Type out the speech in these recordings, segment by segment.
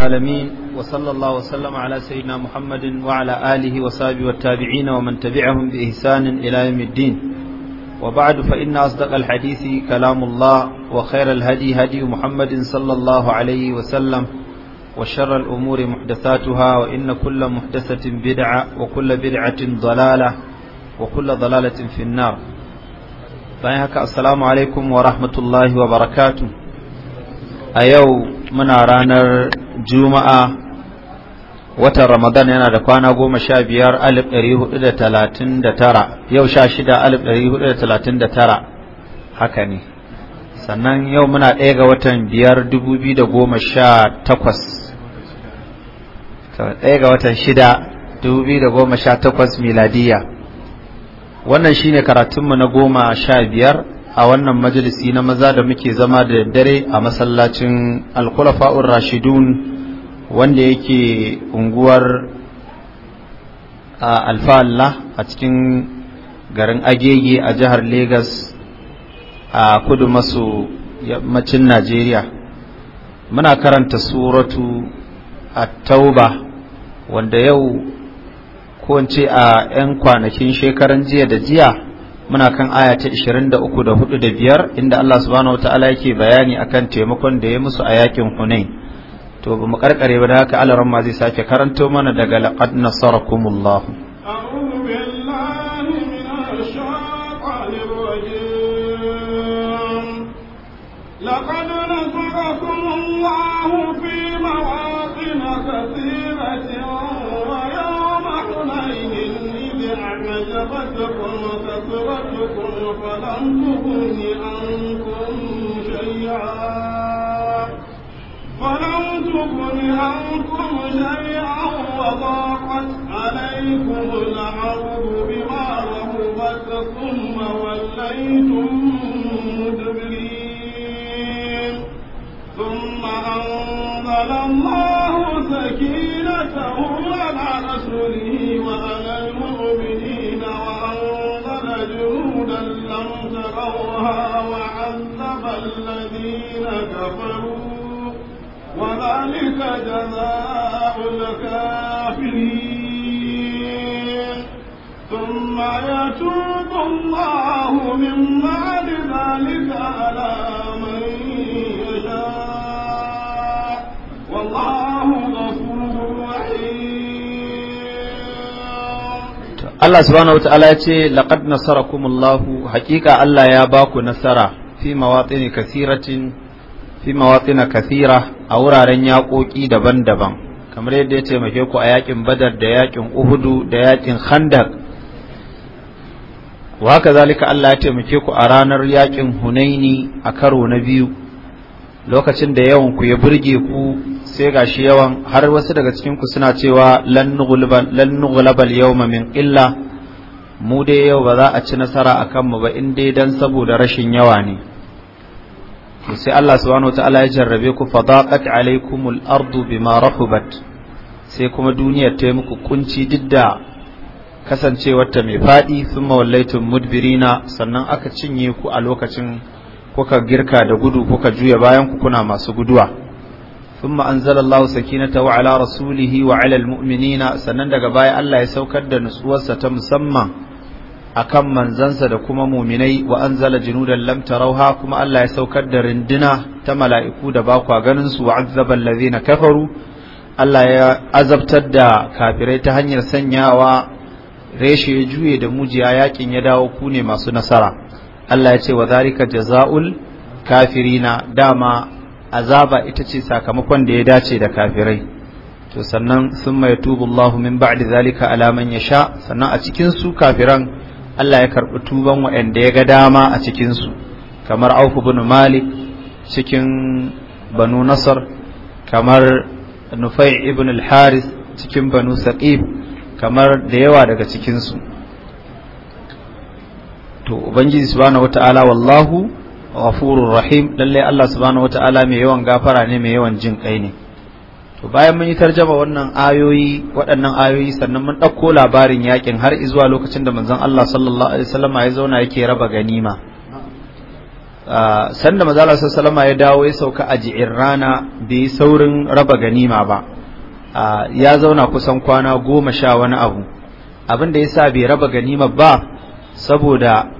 العالمين وصلى الله وسلم على سيدنا محمد وعلى آله وصحبه والتابعين ومن تبعهم بإحسان إلى يوم الدين وبعد فإن أصدق الحديث كلام الله وخير الهدي هدي محمد صلى الله عليه وسلم وشر الأمور محدثاتها وإن كل محدثة بدعة وكل بدعة ضلالة وكل ضلالة في النار السلام عليكم ورحمة الله وبركاته a yau muna ranar juma'a watan ramadan yana da kwana goma sha biyar alif ɗari hudu da talatin da tara yau sha shida alif ɗari hudu da talatin da tara haka ne sannan yau muna ɗaya ga watan biyar dubu biyu da goma sha takwas ɗaya ga watan shida dubu biyu da goma sha takwas miladiya wannan shine karatunmu na goma sha biyar a wannan majalisi na maza da muke zama da daddare a masallacin alkulafa'ur rashidun wanda yake unguwar alfa'alla a cikin garin agege a jihar Legas a kudu maso yammacin najeriya muna karanta suratu a tauba wanda yau ko a 'yan kwanakin shekaran jiya da jiya muna kan aya ta 23 da 4 da biyar inda Allah subhanahu wataala yake bayani akan taimakon da ya musu a yakin Hunain to bamu karkare ba da haka Allah ma zai sake karanto mana daga laqad nasarakumullah لقد فلم تغني عنكم شيئا فلم تغني عنكم شيئا وضاقت عليكم الأرض بما رهبت ثم وليتم مدبرين ثم أنزل الله سكينته على رسوله كفروا وذلك جزاء الكافرين ثم يتوب الله من بعد ذلك على من يشاء والله غفور رحيم الله سبحانه وتعالى يقول لقد نصركم الله حقيقة الله يا باكو نصره في مواطن كثيرة fi mawatina kasira a wuraren yaƙoƙi daban-daban kamar yadda ya taimake ku a yaƙin badar da yaƙin uhudu da yaƙin khandak wa haka zalika Allah ya taimake ku a ranar yaƙin hunaini a karo na biyu lokacin da yawan ku ya burge ku sai gashi yawan har wasu daga cikin ku suna cewa lan nughlabal yawma min illa mu dai yau ba za a ci nasara akan mu ba in dai dan saboda rashin yawa ne sai Allah subhanahu wataala ya jarrabe ku fadaqat alaikumul ardu bima rahubat sai kuma duniyar ta yi muku kunci duk da kasancewar ta mai fadi thumma wallaytum mudbirina sannan aka cinye ku a lokacin kuka girka da gudu kuka juya bayan ku kuna masu guduwa thumma anzala Allahu sakinatahu ala rasulihi wa ala almu'minina sannan daga baya Allah ya saukar da nutsuwarsa ta musamman akan manzansa da kuma muminai wa anzala junudan lam tarauha kuma Allah ya saukar da rinduna ta mala'iku da ba kwa ganin su wa allazina kafaru Allah ya azabtar da kafirai ta hanyar sanyawa reshe ya juye da mujiya yakin ya dawo ku ne masu nasara Allah ya ce wa zalika jazaul kafirina dama azaba ita ce sakamakon da ya dace da kafirai to sannan sun mai tubu min ba'di zalika alaman man yasha sannan a cikin su kafiran Allah ya karɓi tuban waɗanda ya ga dama a cikinsu kamar Auf bin Malik cikin Banu Nasar kamar Nufai ibn al-Haris cikin Banu Saqib kamar da yawa daga cikinsu to Ubangiji subhanahu wata'ala wallahu ghafurur rahim lallai Allah subhanahu wata'ala mai yawan gafara ne mai yawan jin kai ne to bayan mun yi tarjama wannan ayoyi waɗannan ayoyi sannan mun ɗauko labarin yakin har izuwa lokacin da manzon Allah sallallahu alaihi wasallam ya zauna yake raba ganima ah, sanda manzon Allah sallallahu alaihi ya dawo ya sauka a rana bai saurin raba ganima ba ah, ya zauna kusan kwana goma sha wani abu abin da yasa bai raba ganima ba saboda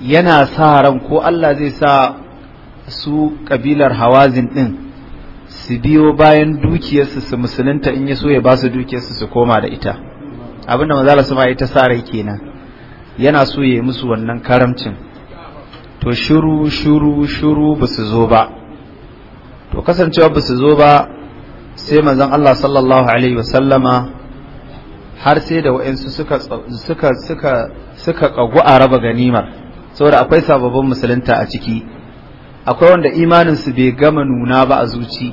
yana sa ran ko Allah zai sa su kabilar hawazin din su biyo bayan dukiyarsu su musulunta in ya so ya ba su dukiyarsu su koma da ita abinda maza su ma ita sa rai kenan yana so ya yi musu wannan karamcin to shuru shuru shuru ba su zo ba to kasancewa ba su zo ba sai manzon Allah sallallahu alaihi wasallama har sai da wa'ansu suka suka suka suka kagu a raba ganimar saboda akwai sababbin musulunta a ciki akwai wanda imaninsu bai gama nuna ba a zuci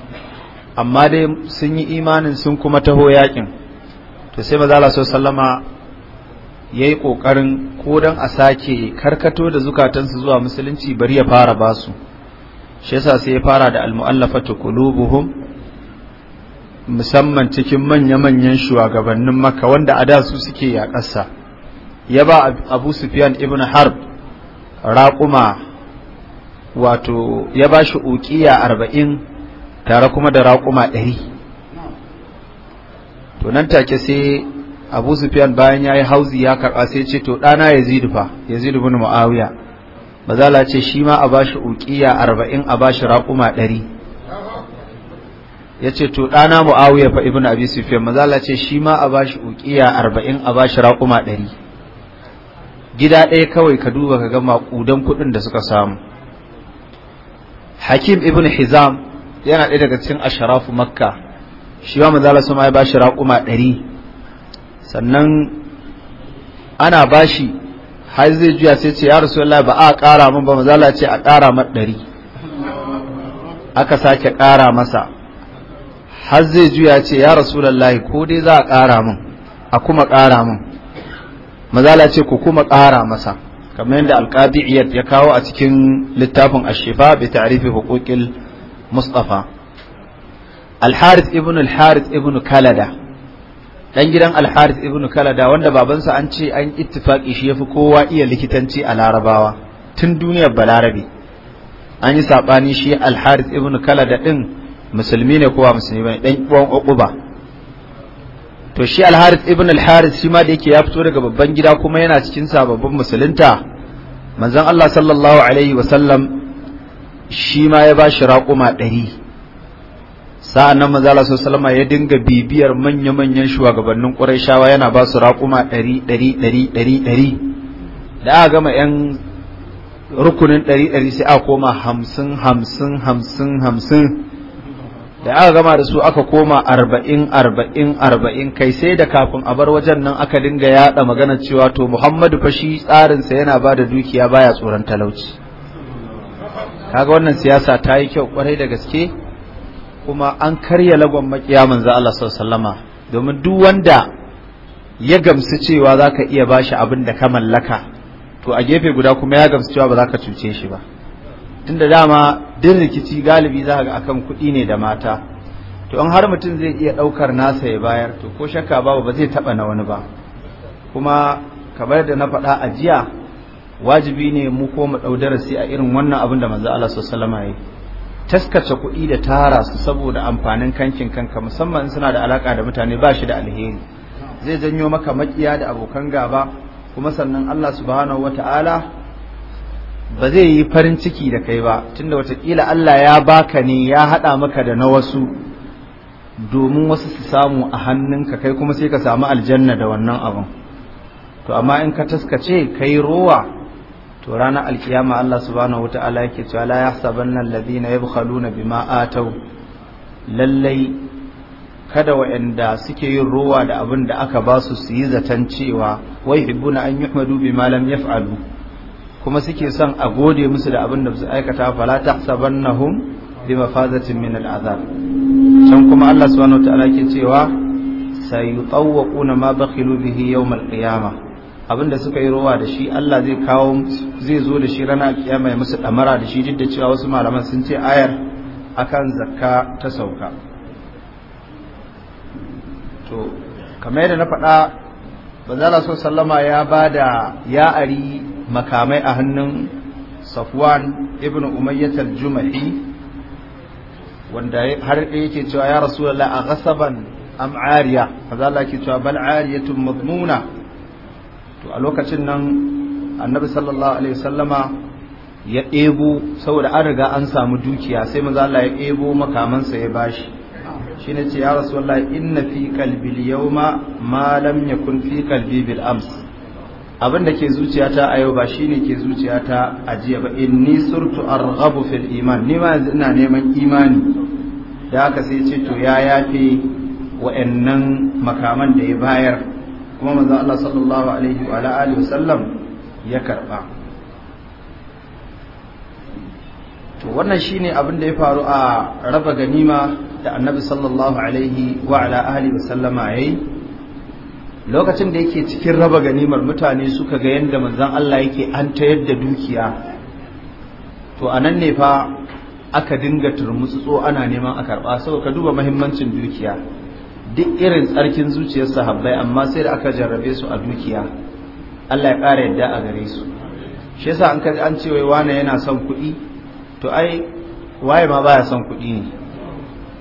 amma dai sun yi imanin sun kuma taho yakin to sai maza Allah sallama ya yi ƙoƙarin kodan a sake karkato da zukatansu zuwa musulunci bari ya fara basu shi yasa sai ya fara da almu'allafatu qulubuhum musamman cikin manya-manyan shugabannin maka wanda a da su suke yaƙasa ya ba abu sufyan ibn harb raƙuma wato ya ba shi uƙiya arba'in tare kuma da raƙuma ɗari to nan take sai abu sufiyan bayan ya yi hauzi ya karɓa sai ce to ɗana ya zidu fa ya zidu bin mu'awiya mazala ce shi ma a ba shi uƙiya arba'in a ba shi raƙuma ɗari ya ce to ɗana mu'awiya fa ibn abi sufiyan mazala ce shi ma a ba shi uƙiya arba'in a ba shi raƙuma ɗari gida ɗaya kawai ka duba ka ga maƙudan kuɗin da suka samu hakim ibn hizam yana ɗaya daga cikin asharafu makka shi ma mazala su ma ya bashi raƙuma ɗari sannan ana bashi har zai juya sai ce ya rasulullah ba a ƙara min ba mazala ce a ƙara mat ɗari aka sake ƙara masa har zai juya ce ya rasulullah ko dai za a ƙara min a kuma ƙara min manzala ce ku kuma ƙara masa kamar yadda alqadi ya kawo a cikin littafin ashifa bi ta'rifi huquqil mustafa al ibn al ibn kalada dan gidan al-harith ibn kalada wanda babansa an ce an ittifaki shi ya fi kowa iya likitanci a larabawa tun duniyar balarabe an yi saɓani shi al-harith ibn kalada din musulmi ne kowa musulmi ne dan uwan uquba to shi al-harith ibn al-harith shi ma da yake ya fito daga babban gida kuma yana cikin sababbin musulunta manzon Allah sallallahu alaihi wa sallam shi ma ya ba shi raƙuma ɗari sa'an nan manzon Allah sallallahu alaihi ya dinga bibiyar manya-manyan shugabannin Qurayshawa yana ba su raƙuma ɗari ɗari ɗari ɗari da aka gama yan rukunin ɗari ɗari sai a koma hamsin hamsin hamsin hamsin da aka gama da su aka koma arba'in arba'in arba'in kai sai da kafin a bar wajen nan aka dinga yaɗa magana cewa to muhammadu fa shi tsarinsa yana ba da dukiya baya tsoron talauci kaga wannan siyasa ta yi kyau kwarai da gaske kuma an karya lagon makiya manzo Allah sallama domin duk wanda ya gamsu cewa ka iya bashi abin da ka mallaka to a gefe guda kuma ya gamsu cewa ba za ka cuce shi ba tunda dama din rikici galibi za ga akan kuɗi ne da mata to in har mutum zai iya ɗaukar nasa ya bayar to ko shakka babu ba zai taɓa na wani ba kuma kamar da na faɗa a jiya wajibi ne mu ko mu ɗau darasi a irin wannan abin da manzo Allah sallallahu alaihi taskace kuɗi da tara su saboda amfanin kankin kanka musamman suna da alaka da mutane ba shi da alheri zai janyo maka makiya da abokan gaba kuma sannan Allah subhanahu wataala ba zai yi farin ciki da kai ba tunda watakila Allah ya baka ne ya haɗa maka da na wasu domin wasu su samu a hannunka kai kuma sai ka samu aljanna da wannan abin to amma in ka taskace kai rowa to rana alkiyama Allah subhanahu wata'ala yake cewa la yahsabanna alladhina yabkhaluna bima atau lallai kada waɗanda suke yin rowa da abin da aka ba su su yi zaton cewa wai hibbuna an yuhmadu bima lam yaf'alu kuma suke son a gode musu da abin da su aikata fala tahsabannahum bi mafazatin min al'azab can kuma Allah subhanahu ta'ala ke cewa sayutawwaquna ma bakhilu bihi yawm al abin da suka yi rowa da shi Allah zai kawo zai zo da shi ranar kiyama ya musu damara da shi duk da cewa wasu malaman sun ce ayar akan zakka ta sauka to kamar yadda na faɗa bazala so sallama ya bada ya ari makamai a hannun safwan ibn Umayyatar al-jumahi wanda har da yake cewa ya rasulullah a ghasaban am ariya kaza Allah yake cewa bal ariyatun madmuna to a lokacin nan annabi sallallahu alaihi wasallama ya ebo saboda an riga an samu dukiya sai manzo Allah ya ebo makamansa ya bashi shine ce ya rasulullah inna fi qalbi al-yawma ma lam yakun fi qalbi bil ams abin da ke zuciyata a yau ba shine ke zuciyata a jiya ba ni surtu arghabu fil iman ni ma yanzu ina neman imani da haka sai ce to ya yafe wa'annan makaman da ya bayar kuma manzo Allah sallallahu alaihi wa alihi wasallam ya karɓa. to wannan shine abin da ya faru a raba ganima da annabi sallallahu alaihi wa ala alihi wasallama yayi lokacin da yake cikin raba ganimar mutane suka ga yadda manzon Allah yake an ta yadda dukiya to nan ne fa aka dinga turmutsutso ana neman a karɓa? sau ka duba mahimmancin dukiya duk irin tsarkin zuciyar sahabbai amma sai da aka jarrabe su a dukiya Allah ya ƙara yadda a gare su shi yasa an kaji an cewa yana son kuɗi to ai waye ma baya son kuɗi ne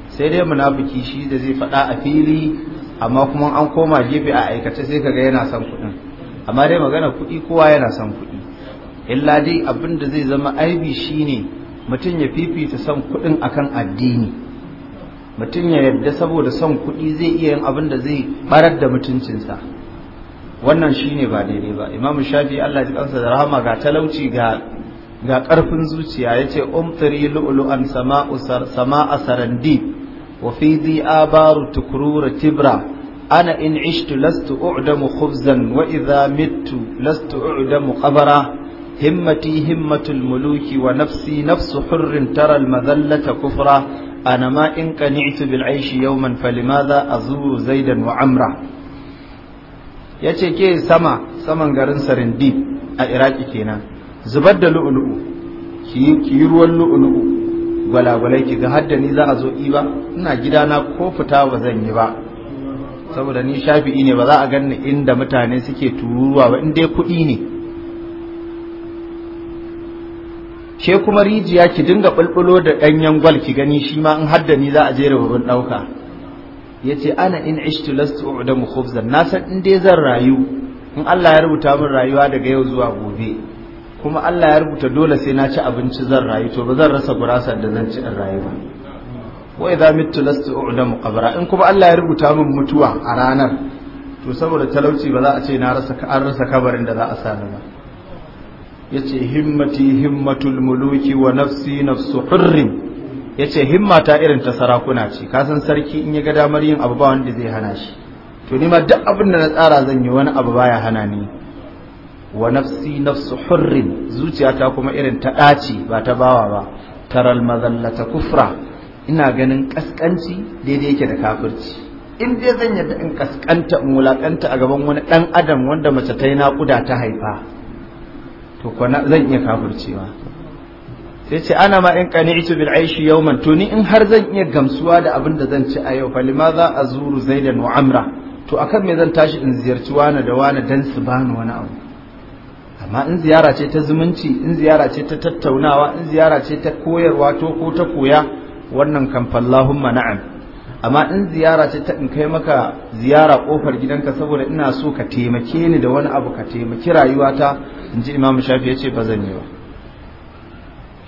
sai dai munafiki shi da zai faɗa a fili amma kuma an koma gefe a aikace sai kaga yana son kuɗin amma dai magana kuɗi kowa yana son kuɗi illa dai abin da zai zama aibi shine mutum ya fifita son kuɗin akan addini mutum ya yarda saboda son kuɗi zai iya yin abin da zai barar da mutuncinsa wannan shine ba daidai ba imamu shafi Allah ji kansa da rahama ga talauci ga ga ƙarfin zuciya yace umtari lu'lu'an sama'u sama'a sarandi وفي ذي آبار تكرور تبرة أنا إن عشت لست أعدم خبزا وإذا مت لست أعدم قبرا همتي همة الملوك ونفسي نفس حر ترى المذلة كفرا أنا ما إن قنعت بالعيش يوما فلماذا أزور زيدا وعمرا يتي كي سما سما غرن سرنديب a iraki kenan zubar da lu'ulu'u ki yi ruwan lu'ulu'u gwalagwalai ki ga hadda ni za a zo ba ina gidana ko fita ba zan yi ba saboda ni shafi'i ne ba za a ganni inda mutane suke tururuwa ba inda kuɗi ne ke kuma rijiya ki dinga bulbulo da ɗanyen gwal ki gani shi ma in hadda ni za a je babban ɗauka ya ce ana in ishtu lastu u'damu na san in dai zan rayu in Allah ya rubuta min rayuwa daga yau zuwa gobe kuma Allah ya rubuta dole sai na ci abinci zan rayu to ba zan rasa gurasar da zan ci in rayu ba wa idza mittu lastu u'damu qabra in kuma Allah ya rubuta min mutuwa a ranar to saboda talauci ba za a ce na rasa an rasa kabarin da za a sani ba yace himmati himmatul muluki wa nafsi nafsu hurrin yace himmata irin ta sarakuna ce ka san sarki in ya ga damar yin abu ba wanda zai hana shi to ni ma duk abin da na tsara zan yi wani abu baya hana ni wa nafsi nafsu hurrin zuciyata kuma irin ta ɗaci ba ta bawa ba taral mazallata kufra ina ganin ƙasƙanci daidai yake da kafirci in dai zan yadda in ƙasƙanta in wulaƙanta a gaban wani ɗan adam wanda mace ta yi naƙuda ta haifa to kwana zan iya kafircewa sai ce ana ma in qani'tu bil aishi yawman to ni in har zan iya gamsuwa da abin da zan ci a yau za a zuru zaidan wa amra to akan me zan tashi in ziyarci wani da wani dan su bani wani abu amma in ziyara ce ta zumunci in ziyara ce ta tattaunawa in ziyara ce ta koyarwa to ko ta koya wannan kan fallahumma na'am amma in ziyara ce ta in kai maka ziyara kofar gidanka saboda ina so ka taimake ni da wani abu ka taimaki rayuwata in ji imam shafi ya ce ba zan yi ba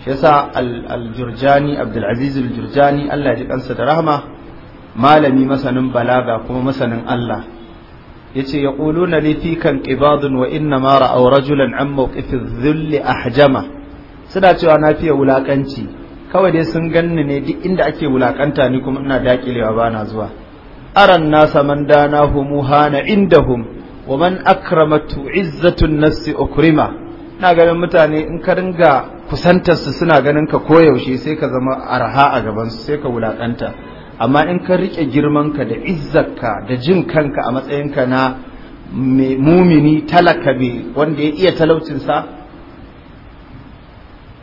shi yasa al-jurjani abdulaziz al Allah ya ji kansa da rahama malami masanin balaga kuma masanin Allah yace yaquluna li fi kan qibadun wa inna ma ra'a rajulan an mawqifi dhull ahjama suna cewa na fiye wulakanci kawai dai sun ganni ne duk inda ake wulakanta ni kuma ina dakilewa bana zuwa aran nasa man humu hana indahum wa man akramatu izzatu nafsi ukrima ina ganin mutane in ka ringa kusantar su suna ganin ka koyaushe sai ka zama arha a gaban su sai ka wulakanta amma in ka riƙe girmanka da izzarka da jin kanka a matsayinka na mumini talaka wanda ya iya talaucinsa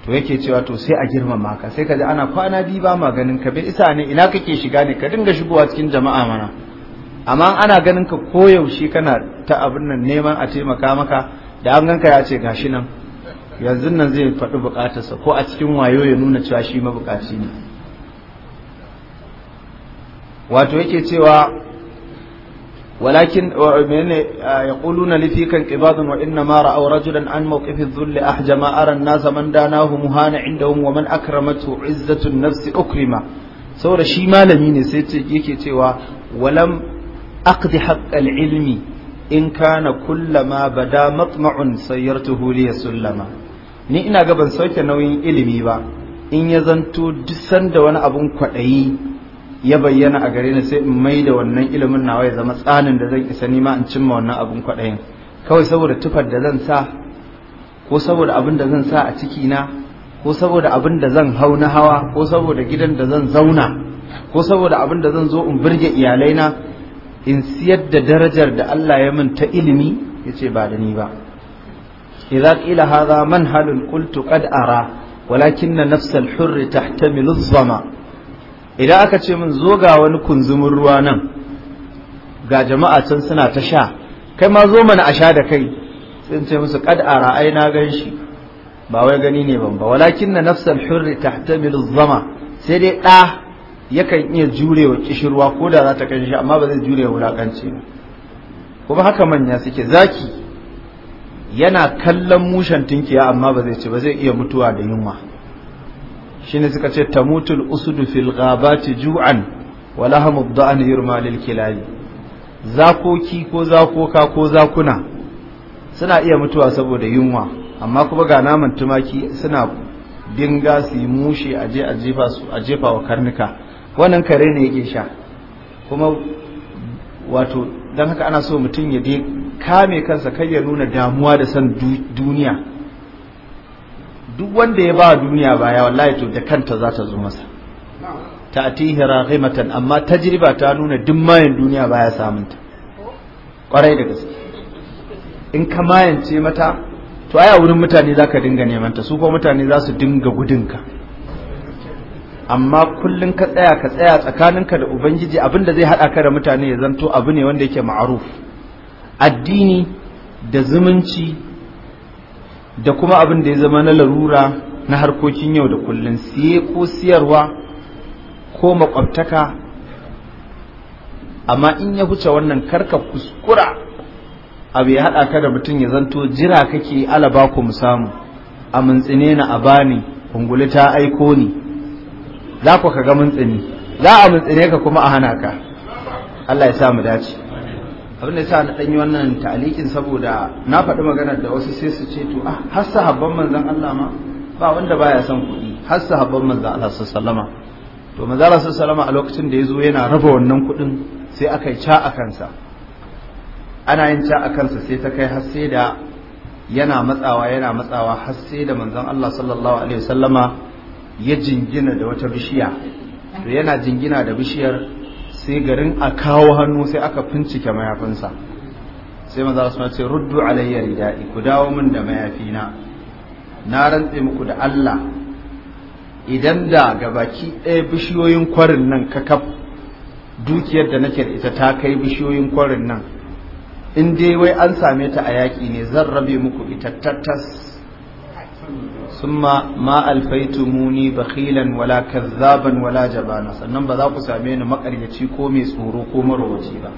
to yake cewa to sai a girmama ka sai ka ana kwana diba ba ma ganin ka bai isa ne ina kake shiga ne ka dinga shigowa cikin jama'a mana amma ana ganin ka koyaushe kana ta abin nan neman a taimaka maka da an ganka ya ce gashi nan yanzu nan zai faɗi buƙatarsa ko a cikin wayo ya nuna cewa shi mabukaci ne wato yake cewa walakin menene ya li fi qibadun wa inna ma ra'aw rajulan an mawqif adh-dhull ahjama ara an-nas man danahu muhana indahum wa man akramatu izzatu nafsi ukrima saboda shi malami ne sai yake cewa walam aqdi haqq al-ilmi in kana kullama bada matma'un sayyartuhu li sullama ni ina ga ban sauke nauyin ilimi ba in ya zanto duk sanda wani abun kwaɗayi ya bayyana a gare ni sai in mai da wannan ilimin nawa ya zama tsanin da zan isa nima in cimma wannan abin kwaɗayin kawai saboda tufar da zan sa ko saboda abin da zan sa a cikina ko saboda abin da zan hau na hawa ko saboda gidan da zan zauna ko saboda abin da zan zo in birge na in siyar da darajar da Allah ya min ta ilimi ya ce ba da ni ba idza qila hadha manhalul qultu qad ara walakinna nafsal hurri tahtamilu dhama idan aka ce min zo ga wani kunzumin ruwa nan ga jama'a can suna ta sha kai ma zo mana a sha da kai sun ce musu kad a ra'ai na gan shi ba wai gani ne ban ba walakin na nafsal hurri tahtamilu zama sai dai ɗa yakan iya jurewa kishirwa ko da za ta kai shi amma ba zai jure wulakanci ba kuma haka manya suke zaki yana kallon mushen tunkiya, amma ba zai ce ba zai iya mutuwa da yunwa shine suka ce tamutul usudu fil ghabati ju'an wa lahamu da'an yurma lil zakoki ko zakoka ko zakuna suna iya mutuwa saboda yunwa amma kuma ga naman tumaki suna dinga su yi mushe a je a jefa wa karnuka wannan kare ne yake sha kuma wato dan haka ana so mutum ya kame kansa kai ya nuna damuwa da san duniya duk wanda ya ba duniya baya wallahi to da kanta za ta zo masa atihi raghimatan amma tajriba ta nuna duk mayan duniya baya samunta kwarai da gaske in ka mayance mata to ai a wurin mutane zaka dinga neman ta su ko mutane za su dinga ka amma kullun ka tsaya ka tsaya tsakaninka da ubangiji abinda zai hada ka da mutane ya zanto abu ne wanda yake ma'aruf addini da zumunci da kuma abin da ya zama na larura na harkokin yau da kullum siye ko siyarwa ko makwabtaka amma in ya huce wannan karka kuskura abu ya haɗa ka da mutum ya zanto jira kake alaba ku mu samu a mintsine na a bani unguli ta aiko ni za ku ka ga mintsini za a mintsine ka kuma a hana ka Allah ya sa mu dace abin da sa na ɗanyi wannan ta'alikin saboda na faɗi magana da wasu sai su ce to ah har sahabban manzon Allah ma ba wanda baya son kuɗi har sahabban manzon Allah sallama to manzon Allah sallama a lokacin da ya zo yana raba wannan kuɗin sai aka yi ca a kansa ana yin ca a kansa sai ta kai har sai da yana matsawa yana matsawa har sai da manzon Allah sallallahu alaihi wasallama ya jingina da wata bishiya to yana jingina da bishiyar sai garin a kawo hannu sai aka fincike mayafinsa sai maza su ce ruddu alayya ridai ku dawo min da mayafina na rantse muku da Allah idan da gabaki ɗaya bishiyoyin kwarin nan ka kaf dukiyar da nake da ita ta kai bishiyoyin kwarin nan in dai wai an same ta a yaƙi ne zan rabe muku ita tattas ثم ما الفيتموني بخيلا ولا كذابا ولا جبانا sannan ba za ku same ni makaryaci ko mai tsoro ko marwaci ba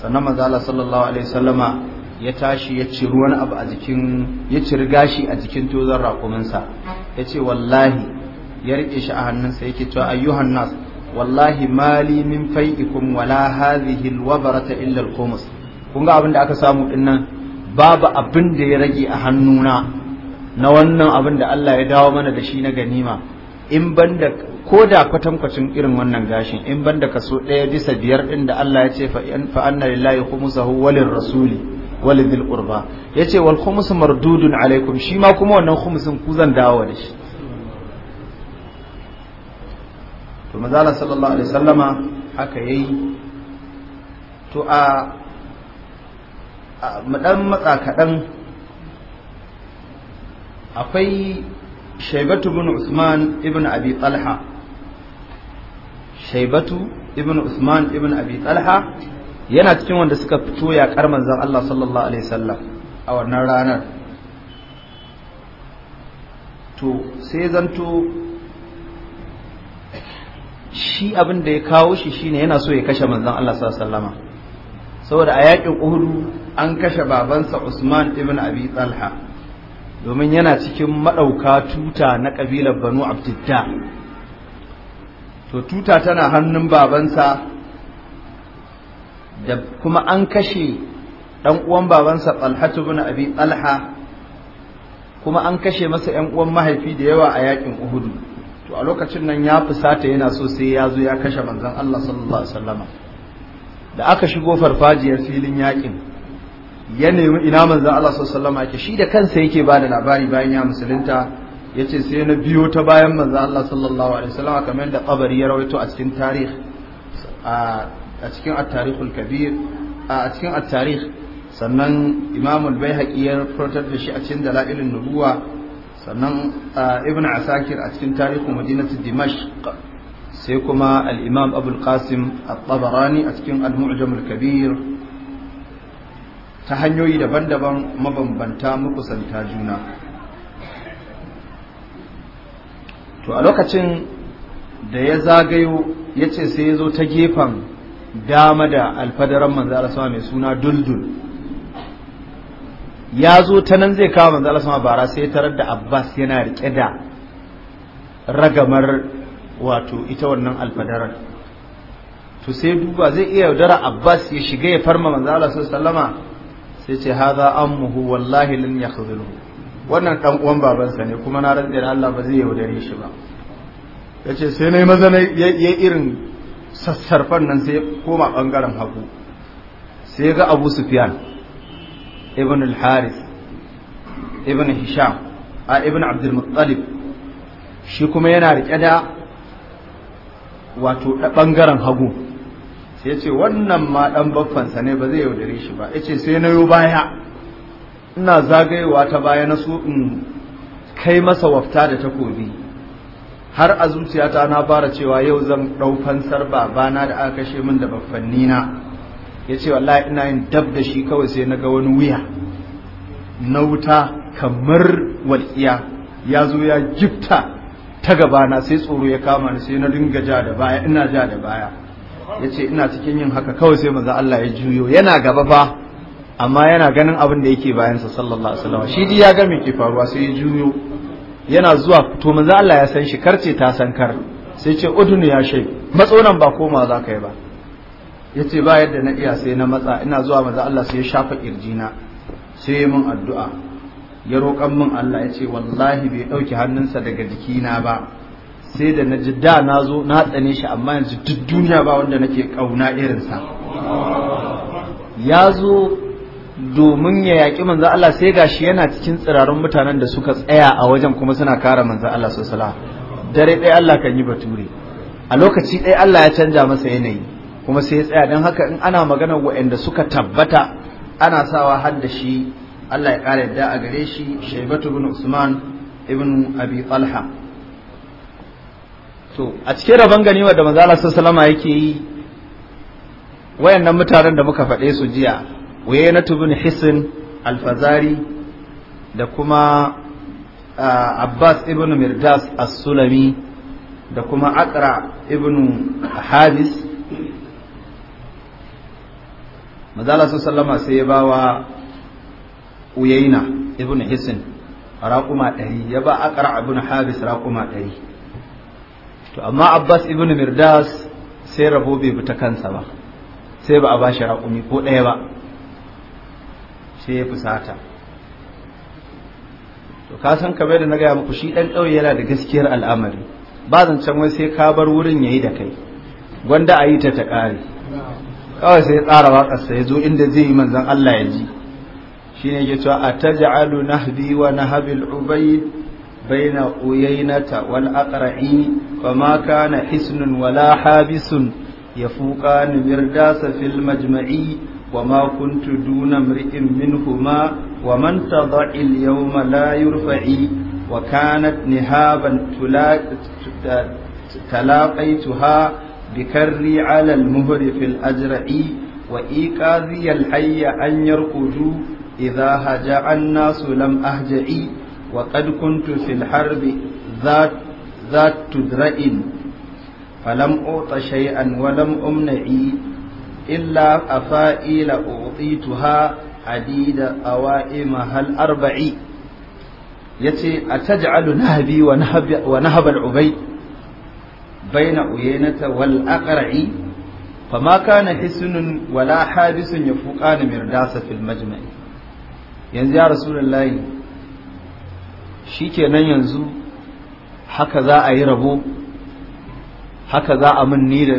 sannan manzo sallallahu alaihi wasallama ya tashi ya ciri wani abu a jikin ya gashi a jikin tozon rakuminsa ya ce wallahi ya riƙe shi a hannunsa yake cewa ayyuhan nas wallahi mali min fai'ikum wala hadhihi alwabrata illa alqumus kun ga abin da aka samu dinnan babu abin da ya rage a hannuna na wannan abin da Allah ya dawo mana da shi na ganima in ban da ko da kwatankwacin irin wannan gashin in ban da kaso ɗaya bisa biyar ɗin da Allah ya ce fa anna lillahi khumsahu walin rasuli walin dhil qurba yace wal khums mardudun alaikum shi ma kuma wannan khumsin ku zan dawo da shi to sallallahu alaihi wasallama haka yayi to a mu dan matsa kaɗan akwai shaibatu bin usman ibn abi talha shaibatu ibn usman ibn abi talha yana cikin wanda suka fito yaƙar manzan Allah sallallahu alaihi wasallam a wannan ranar to sai zanto shi abin da ya kawo shi shine yana so ya kashe manzon Allah sallallahu alaihi wasallama saboda a yaƙin uhudu an kashe babansa Usman ibn Abi Talha domin yana cikin maɗauka tuta na ƙabilar banu abdidda to tuta tana hannun babansa da kuma an kashe ɗan uwan babansa ɓalhatu bin abi ɓalha kuma an kashe masa ‘yan uwan mahaifi da yawa a yaƙin uhudu to a lokacin nan ya fusata yana so sai ya zo ya kashe manzon Allah sallallahu alaihi wasallama da aka shigo farfajiyar filin yaƙin ya nemi ina manzon Allah sallallahu alaihi shi da kansa yake ba da labari bayan ya musulunta yace sai na biyo ta bayan manzon Allah sallallahu alaihi wasallam kamar da qabari ya rawaito a cikin tarih a cikin at-tarikhul kabir a cikin at-tarikh sannan Imam al-Baihaqi ya rawaito da shi a cikin dala'ilin nubuwa sannan Ibn Asakir a cikin tarihu madinatu Dimashq sai kuma al-Imam Abu qasim at-Tabarani a cikin al-Mu'jam kabir ta hanyoyi daban-daban mabambanta makusanta juna to a lokacin da ya zagayo ya ce sai ya zo ta gefen dama da alfadaran manzala sama mai suna duldul ya zo ta nan zai kawo manzala sama bara sai ya tarar da abbas yana rike da ragamar wato ita wannan alfadaran to sai duba zai iya yaudara abbas ya shiga ya farma manzala sallama sai ce haza ammuhu wallahi lin yakhdhuluhu wannan ɗan uwan babansa ne kuma na rantsa da Allah ba zai yaudare shi ba yace sai nayi maza ne ya irin sassarfan nan sai koma bangaren hagu sai ga Abu Sufyan ibn al-Harith ibn Hisham a ibn Abdul Muttalib shi kuma yana rike da wato ɓangaren hagu ya ce wannan ma ɗan baffansa ne ba zai yaudare shi ba yace sai na yo baya ina zagayewa ta baya na so in kai masa wafta da takobi har a zuciyata na fara cewa yau zan ɗau fansar babana da aka kashe min da baffanni na ya ce wallahi ina yin dab da shi kawai sai na ga wani wuya na wuta kamar walƙiya ya zo ya jifta ta gabana sai tsoro ya kama ni sai na dinga ja da baya ina ja da baya ya ce ina cikin yin haka kawai sai maza Allah ya juyo yana gaba fa amma yana ganin abin da yake bayan sa sallallahu alaihi wasallam shi ji ya ga me ke faruwa sai ya juyo yana zuwa to maza Allah ya san shi karce ta san kar sai ce udunu ya shai matsonan ba koma za ka yi ba yace ba yadda na iya sai na matsa ina zuwa maza Allah sai ya shafa kirjina sai ya min addu'a ya roƙan min Allah ya ce wallahi bai ɗauki hannunsa daga jikina ba sai da na ji da na zo na tsane shi amma yanzu duk duniya ba wanda nake kauna sa ya zo domin ya yaƙi manzo Allah sai gashi yana cikin tsirarun mutanen da suka tsaya a wajen kuma suna kare manzo Allah sallallahu dare ɗaya Allah kan yi bature a lokaci ɗaya Allah ya canja masa yanayi kuma sai ya tsaya don haka in ana magana waɗanda suka tabbata ana sawa har da shi Allah ya ƙara yadda a gare shi Shaibatu bin Usman ibn Abi Talha to a cikin rabon ganima da manzo Sallama yake yi wayannan mutanen da muka faɗe su jiya wayanatu bin hisin alfazari da kuma abbas ibn mirdas as-sulami da kuma akra ibn hadis mazala sallama sai ya ba wa uyaina ibn hisin raƙuma ɗari ya ba akra ibn hadis raƙuma ɗari to amma abbas ibn mirdas sai rabo bai bi ta kansa ba sai ba a ba shi raƙumi ko ɗaya ba sai ya fusata to ka san kamar da na gaya muku shi ɗan ƙauye yana da gaskiyar al'amari ba zancen wai sai ka bar wurin yayi da kai gwanda a yi ta ta ƙare kawai sai tsara waƙarsa ya zo inda zai yi manzan Allah ya ji shine ne ke cewa a taj'alu nahbi wa nahbil ubayd بين أيينة والأقرعي فما كان حسن ولا حابس يفوقان مرداس في المجمعي وما كنت دون امرئ منهما ومن تضع اليوم لا يرفعي وكانت نهابا تلاقيتها بكري على المهر في الأجرعي وإيقاذي الحي أن يرقدوا إذا هجع الناس لم أهجعي wa qad kuntu fil harbi ذات ذات تدرئ فلم أعط شيئا ولم أمنعي إلا أفائي لأعطيتها عديد أوائمها الأربع يتي أتجعل نهبي ونهب, ونهب العبيد بين عيينة والأقرع فما كان حسن ولا حابس يفوقان مرداس في المجمع ينزي يا رسول الله shi kenan yanzu haka za a yi rabo haka za a ni da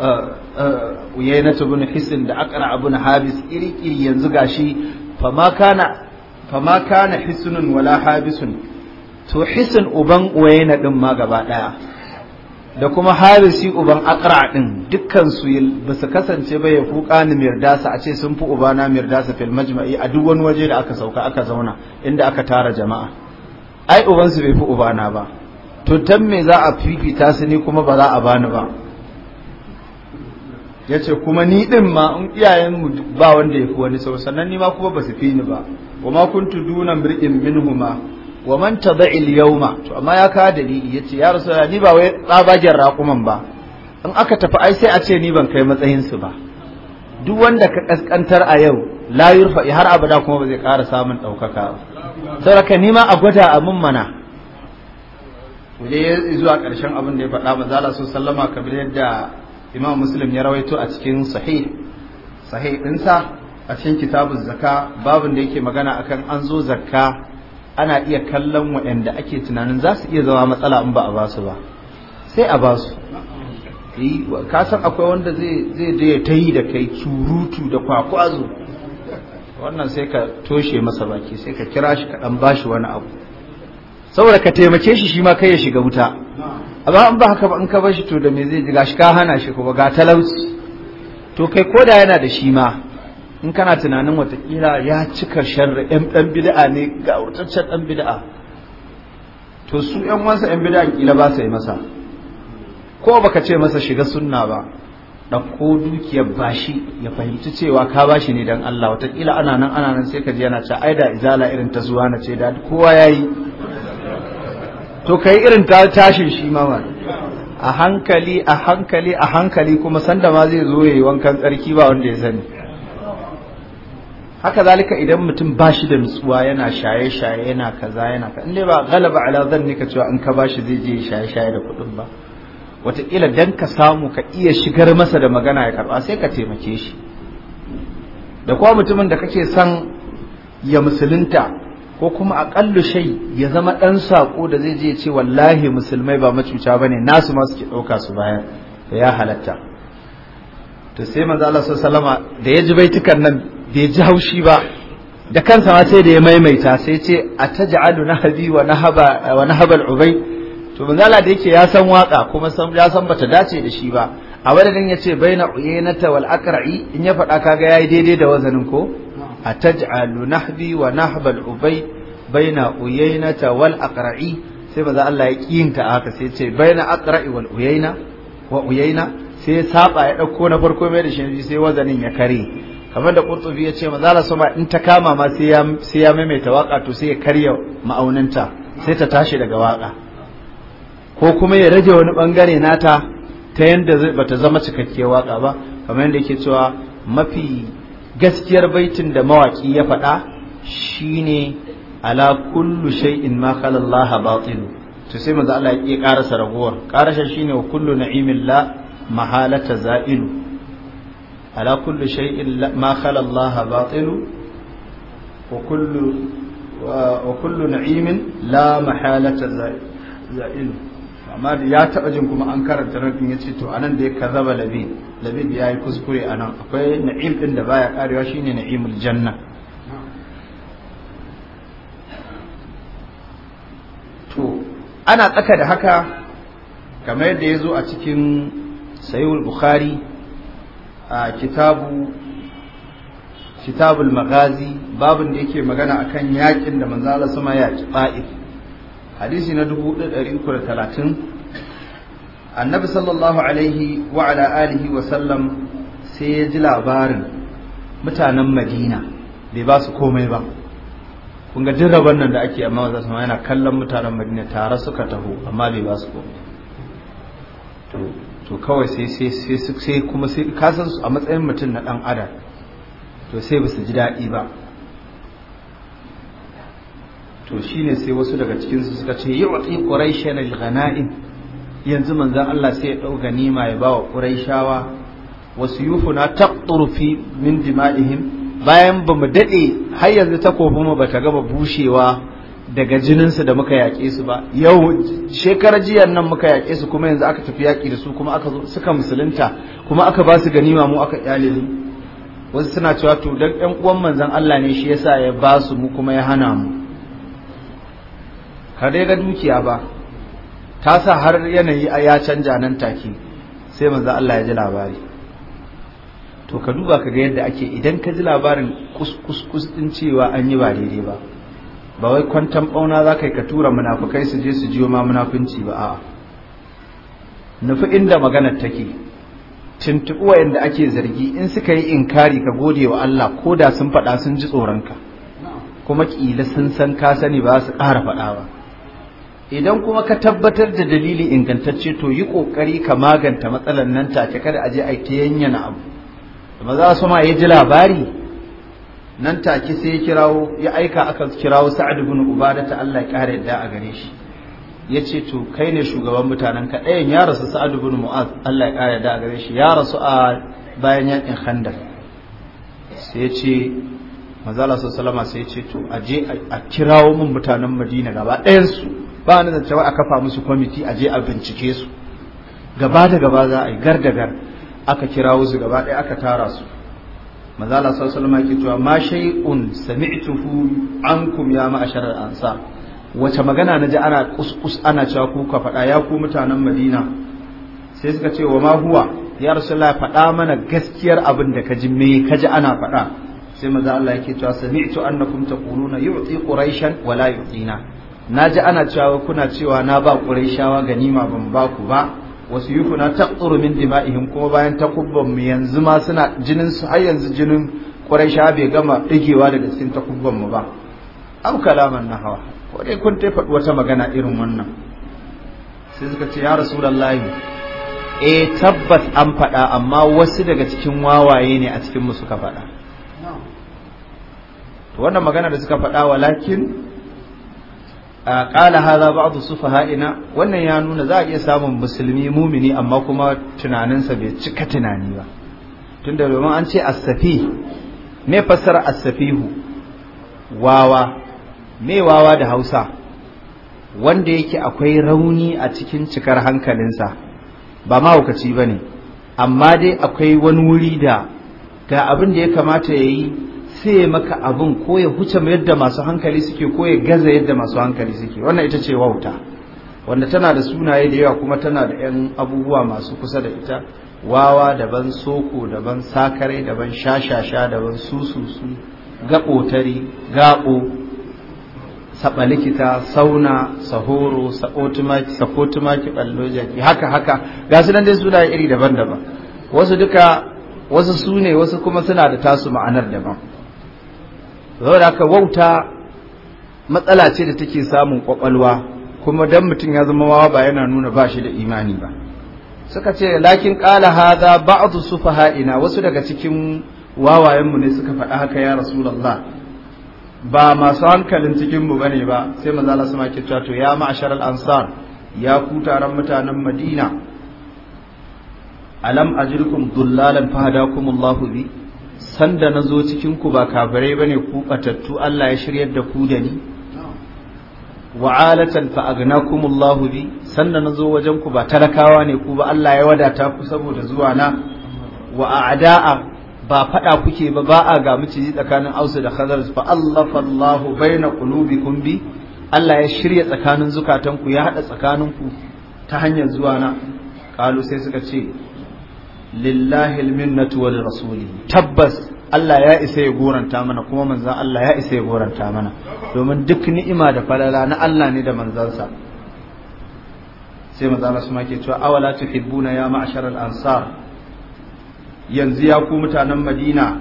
uh, uh, uyainatu bin hisin da akara na habis iri-iri yanzu ga gashi fama kana hisunun wala habisun to hisin uban na ɗin ma gaba ɗaya, da kuma harisi uban akara ɗin dukkan su ba su kasance ba ya fuka ni mirdasa a ce sun fi ubana mirdasa fil majma'i a duk wani waje da aka sauka aka zauna inda aka tara jama'a ai ubansu bai fi ubana ba to dan me za a fifita su ni kuma ba za a bani ba ya ce kuma ni din ma in iyayenmu ba wanda ya fi wani sau sannan ni ma kuma ba su fi ni ba wa ma kuntu duna mir'in minhuma wa man tada'i al-yawma to amma ya ka dalili yace ya rasu ni ba wai tsabagen raƙuman ba in aka tafi ai sai a ce ni ban kai matsayin su ba duk wanda ka kaskantar a yau la yurfa har abada kuma ba zai ƙara samun ɗaukaka saboda ni nima a gwada a mun mana waje zuwa ƙarshen abin da ya faɗa manzala su sallama kamar yadda imam muslim ya rawaito a cikin sahih ɗinsa a cikin kitabun zakka babin da yake magana akan an zo zakka ana iya kallon waɗanda ake tunanin za su iya zama matsala in ba a basu ba sai a basu ka san akwai wanda zai je ta yi da kai surutu da kwakwazo wannan sai ka toshe masa baki sai ka kira shi ka dan bashi wani abu saboda ka taimake shi shi ma kai ya shiga wuta amma in ba haka ba in ka bashi to da me zai ji gashi ka hana shi kuma ga talauci to kai koda yana da shi ma in kana tunanin watakila ya cika sharri yan dan bid'a ne ga wutaccen ɗan bid'a to su yan wansa yan bid'a kila ba su yi masa ko baka ce masa shiga sunna ba ɗauko dukiyar bashi ya fahimci cewa ka bashi ne don Allah watakila ana nan ana nan sai ka ji yana cewa ai izala irin ta zuwa na ce da kowa ya yi to ka yi irin ta tashin shi ma ba a hankali a hankali a hankali kuma sanda ma zai zo ya yi wankan tsarki ba wanda ya sani haka zalika idan mutum ba shi da nutsuwa yana shaye-shaye yana kaza yana ka in ba galaba ala zanni ka cewa in ka ba shi zai je shaye-shaye da kuɗin ba wataƙila dan ka samu ka iya shigar masa da magana ya karba sai ka taimake shi da kuma mutumin da kake son ya musulunta ko kuma aƙallu shai ya zama ɗan saƙo da zai je ya ce wallahi musulmai ba macuta ba ne nasu ma suke ɗauka su bayan da ya halatta to sai manzo Allah sallama da ya ji baitukan nan bai ji haushi ba da kansa ma sai da ya maimaita sai ce ataj'alu nahbi wa nahaba wa nahbal ubay to manzala da yake ya san waka kuma san ya san bata dace da shi ba a wadadin ya ce baina uyanata wal akra'i in ya faɗa kaga yayi daidai da wazanin ko taj'alu nahbi wa nahbal ubay baina uyanata wal akra'i sai maza Allah ya kiyinta haka sai ce baina akra'i wal uyena wa uyena sai saba ya dauko na farko mai da shi sai wazanin ya kare kamar da qurtubi ya ce maza Allah sama in ta kama ma sai ya sai ya maimaita waka to sai ya karya ma'auninta sai ta tashi daga waka ko kuma ya rage wani bangare nata ta yadda bata zama cikakkiyar waka ba kamar yadda yake cewa mafi gaskiyar baitin da mawaki ya faɗa shine ala kullu shay'in ma khala Allah batilu to sai manzo Allah ya karasa ragowar karasha shine wa kullu na'imin la mahalata za'ilu ala kullu shay'in ma khala Allah batilu wa kullu wa kullu na'imin la mahalata za'ilu amma da ya taɓa jin kuma an karanta rafin ya ce to anan da ya kazaba labi da ya yi kuskure anan akwai na'im ɗin da baya karewa shine na'imul janna to ana tsaka da haka kamar yadda ya zo a cikin sayuwar bukhari a kitabu kitabul magazi babin da yake magana akan yakin da manzala sama ya ki ta'if hadisi na 1330 annabi sallallahu alaihi wa ala alihi wa sallam sai ya ji labarin mutanen madina bai ba su komai ba ga da ake amma wasu ma yana kallon mutanen madina tare suka taho amma bai ba su komai to kawai sai sai sai kuma sai kasan su a matsayin mutum na dan adam to sai ba su ji daɗi ba to shine sai wasu daga cikin su suka ce yu'ti quraishan al-ghanaim yanzu manzon Allah sai ya dau ganima ya bawa quraishawa wasu yufuna taqturu fi min dima'ihim bayan ba mu dade har yanzu takobin mu bata gaba bushewa daga jininsu da muka yaƙe su ba yau shekarar jiyan nan muka yaƙe su kuma yanzu aka tafi yaƙi da su kuma aka zo suka musulunta kuma aka ba su ganima mu aka kyale su wasu suna cewa to dan ɗan uwan manzon Allah ne shi yasa ya ba su mu kuma ya hana mu daga dukiya ba ta sa har yanayi a ya canja nan take sai manzo Allah ya ji labari to ka duba ka ga yadda ake idan ka ji labarin kus din cewa an yi ba daidai ba ba wai kwantan bauna za ka ka tura munafukai su je su jiyo ma munafunci ba a'a nufi inda maganar take tuntuɓi wa'anda ake zargi in suka yi inkari ka gode wa Allah ko da sun faɗa sun ji tsoronka kuma ƙila sun san ka sani ba su ƙara faɗa ba idan kuma ka tabbatar da dalili ingantacce to yi kokari ka maganta matsalar nan take kada a je a ta yanyana abu amma za su ma yaji ji labari nan take sai ya kirawo ya aika aka kirawo Sa'ad ibn Ubada ta Allah ya kare yadda a gare shi yace to kai ne shugaban mutanen ka ɗayan ya rasu Sa'ad ibn Mu'az Allah ya kare yadda a gare shi ya rasu a bayan yakin Khandaq sai ya ce manzo Allah sallallahu alaihi wasallam sai ya ce to aje a kirawo mun mutanen Madina gaba ɗayan su ba na zancewa a kafa musu kwamiti a je a bincike su gaba da gaba za a yi gar da gar aka kira wasu gaba ɗaya aka tara su mazala sallallahu alaihi wasallam cewa ma shay'un sami'tuhu ankum ya ma'ashar ansa wace magana na ji ana kuskus ana cewa ku ka faɗa ya ku mutanen madina sai suka ce wa ma huwa ya rasu faɗa mana gaskiyar abin da ka ji me ka ana faɗa sai maza Allah yake cewa sami'tu annakum taquluna yu'ti quraishan wa la yu'tina na ji ana cewa kuna cewa na ba shawa ganima ban ba ku ba wasu yufu na taqturu min dima'ihim kuma bayan takubban mu yanzu ma suna jinin su har yanzu jinin shawa bai gama digewa daga cikin takubban mu ba aw kalaman hawa ko dai kun ta faɗi wata magana irin wannan sai suka ce ya rasulullahi eh tabbas an faɗa amma wasu daga cikin wawaye ne a cikin mu suka faɗa wannan magana da suka faɗa walakin qala hadha ba'd sufaha'ina wannan ya nuna za a iya samun musulmi mumini amma kuma tunaninsa bai cika tunani ba tunda domin an ce as-safi me fasara as-safihu wawa me wawa da Hausa wanda yake akwai rauni a cikin cikar hankalinsa ba mahaukaci bane amma dai akwai wani wuri da ga abin da ya kamata yayi sai maka abin ko ya huce yadda masu hankali suke ko ya gaza yadda masu hankali suke wannan ita ce wauta wanda tana da sunaye da yawa kuma tana da 'yan abubuwa masu kusa da ita wawa daban soko daban sakare daban shashasha daban sususu gaɓotari gaɓo saɓalikita sauna sahoro sakotumaki ɓallojaki haka haka ga su nan dai sunaye iri daban-daban wasu duka wasu su wasu kuma suna da tasu ma'anar daban saboda ka wauta matsala ce da take samun kwakwalwa kuma dan mutum ya zama wawa ba yana nuna ba shi da imani ba suka ce lakin qala hadha sufaha ina wasu daga cikin wawayenmu ne suka faɗa haka ya rasulullah ba masu hankalin cikin mu bane ba sai manzo Allah sama ke cewa to ya ma'ashar al-ansar ya ku taron mutanen Madina alam ajirkum dullalan fahadakum Allahu bi sanda na zo cikinku ba kabare ba ne ku ɓatattu Allah ya shiryar da ku da ni wa'alatan fa'agnakumullahu bi sanda na zo wajenku ba talakawa ne ku ba Allah ya wadata ku saboda zuwa na wa a'da'a ba faɗa kuke ba ba a ga miciji tsakanin ausu da khazar fa allafa baina qulubikum bi Allah ya shirya tsakanin zukatanku ya haɗa tsakaninku ta hanyar zuwa na kalu sai suka ce lillahi alminnatu wa rasuli tabbas Allah ya isa ya goranta mana kuma manzan Allah ya isa ya goranta mana domin duk ni'ima da falala na Allah ne da manzansa sai manzo Allah suma ke cewa awala tuhibbuna ya ma'shar al-ansar yanzu ya ku mutanen Madina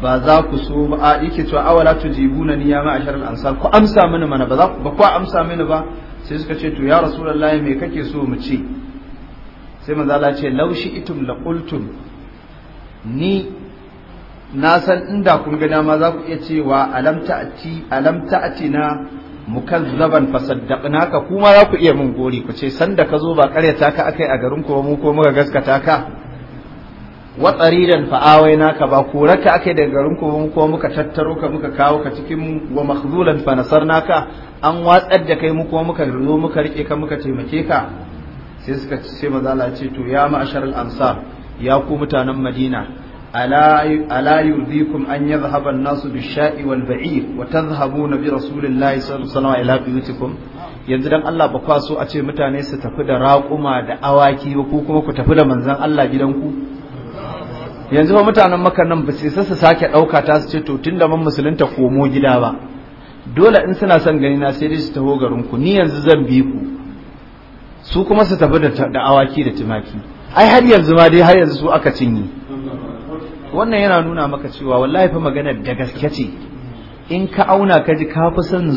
ba za ku so ba a yake cewa awala tujibuna ni ya ma'shar al-ansar ku amsa mini mana ba za ku amsa mini ba sai suka ce to ya rasulullahi me kake so mu ce sai maza ce laushi itum la qultum ni na san inda kun gana ma za ku iya cewa alam ta'ati alam ta'atina mukazzaban ka kuma za ku iya mun gori ku ce sanda ka zo ba karyata ka akai a garin ku mu ko muka gaskata ka wa na ka ba koraka akai daga garin ku mu ko muka tattaro ka muka kawo ka cikin mu wa makhzulan fa ka? an watsar da kai mu ko muka zo muka rike ka muka taimake ka sai suka ce maza Allah ce to ya ma'ashar al ya ku mutanen Madina ala yurdikum an yi zahaban nasu bish-sha'i wal-ba'ir wa na bi rasulillahi sallallahu alaihi ila biyutikum yanzu dan Allah ba kwa so a ce mutane su tafi da raƙuma da awaki ba ku kuma ku tafi da manzan Allah gidanku yanzu ba mutanen makar nan ba sai su sake ɗauka ta su ce to tun tunda musulun musulunta komo gida ba dole in suna son gani na sai dai su taho garin ku ni yanzu zan bi ku su kuma su tafi da awaki da tumaki ai har yanzu ma dai har yanzu su aka cinye wannan yana nuna maka cewa wallahi fa maganar da gaske ce in ka auna ka ji ka fi son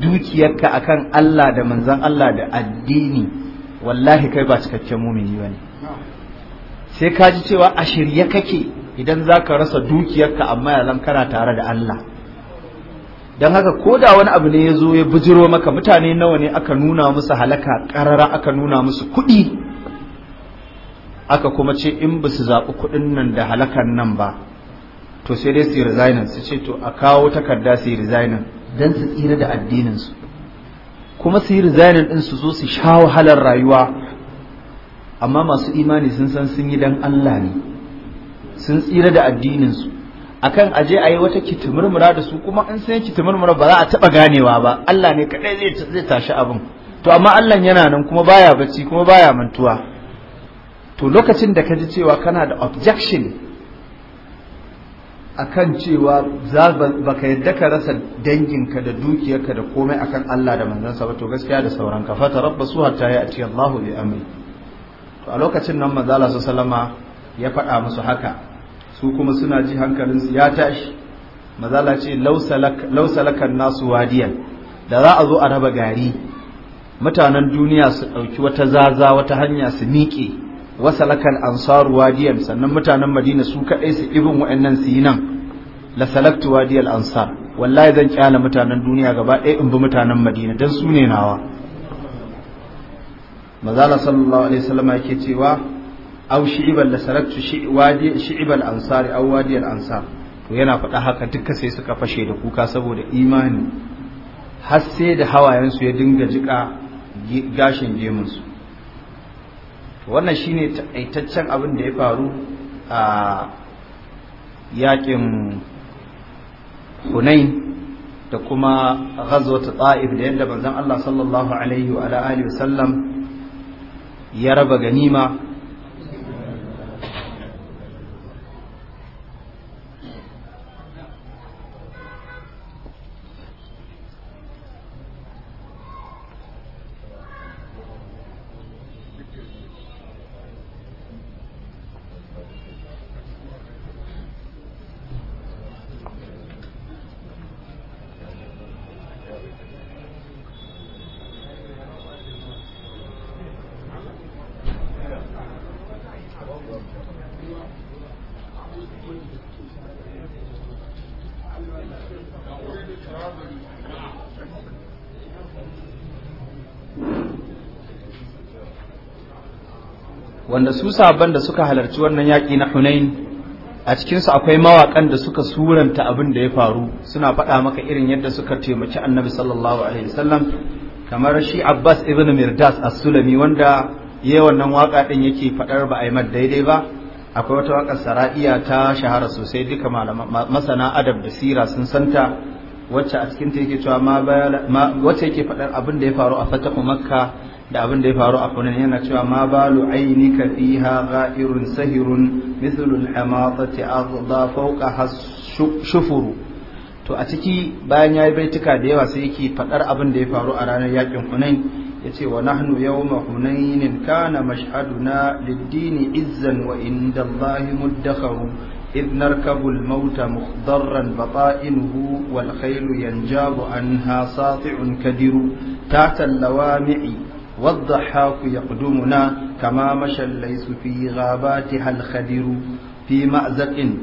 dukiyarka akan Allah da manzon Allah da addini wallahi kai ba cikakken mumini bane sai ka ji cewa a shirye kake idan zaka rasa dukiyarka amma yanzu kana tare da Allah don haka ko da wani abu ne ya zo ya bujiro maka mutane nawa ne aka nuna musu halaka ƙarara aka nuna musu kuɗi aka kuma ce in ba su zaɓi kuɗin nan da halakan nan ba to sai dai su yi resignin su ce to a kawo takarda su yi resignin don su tsira da addininsu kuma su yi resignin din su zo su sha wahalar rayuwa amma masu imani sun san sun yi don Allah ne sun tsira da addininsu akan aje a yi wata kitimurmura da su kuma in san kitimurmura ba za a taɓa ganewa ba Allah ne kadai zai tashi abin to amma Allah yana nan kuma baya bacci kuma baya mantuwa to lokacin da ka ji cewa kana da objection akan cewa baka yadda ka rasa danginka da dukiyarka da komai akan Allah da manzansa ba to gaskiya da sauran ka fata tarabbasu hatta ya Allahu bi amri to a lokacin nan sallallahu alaihi wasallama ya faɗa musu haka su kuma suna ji hankalinsu ya tashi mazala ce lausalakan nasu wadiyan da za a zo a raba gari mutanen duniya su ɗauki wata zaza wata hanya su miƙe wasalakan ansar wadiyan sannan mutanen madina su kaɗai su ibin wa'annan su yi nan la salaktu wadiyal ansar wallahi zan kyala mutanen duniya gaba ɗaya in bi mutanen madina don su ne nawa mazala sallallahu alaihi wasallam yake cewa aw shi'ibal lasaratu shi'wadi shi'ibal ansari aw al ansar to yana faɗa haka duka sai suka fashe da kuka saboda imani har sai da hawayen su ya dinga jika gashin gemun su wannan shine taitaccen abin da ya faru a yakin Hunain da kuma ghazwat ta'if da yadda manzon Allah sallallahu alaihi wa alihi wasallam ya raba ganima wanda su sabon da suka halarci wannan yaki na hunain a cikinsu akwai mawaƙan da suka suranta abin da ya faru suna faɗa maka irin yadda suka taimaki annabi sallallahu alaihi wasallam kamar shi abbas ibn mirdas as-sulami wanda yayi wannan waƙa ɗin yake faɗar ba a yi daidai ba akwai wata waƙar sara'iya ta shahara sosai duka masana adab da sira sun santa wacce a cikin take yake cewa ma wacce yake faɗar abin da ya faru a fatahu makka da abin da ya faru a kunan yana cewa ma balu ainika fiha gha'irun sahirun mithlu al-hamatati azda fawqa shufuru to a ciki bayan yayi baituka da yawa sai yake faɗar abin da ya faru a ranar yakin kunan yace wa nahnu yawma hunainin kana mashhaduna lid-dini izzan wa inda Allahi muddakharu إذ نركب الموت مخضرا بطائنه والخيل ينجاب عنها ساطع كدر تحت اللوامع والضحاك يقدمنا كما مشى الليث في غاباتها الخدر في مأزق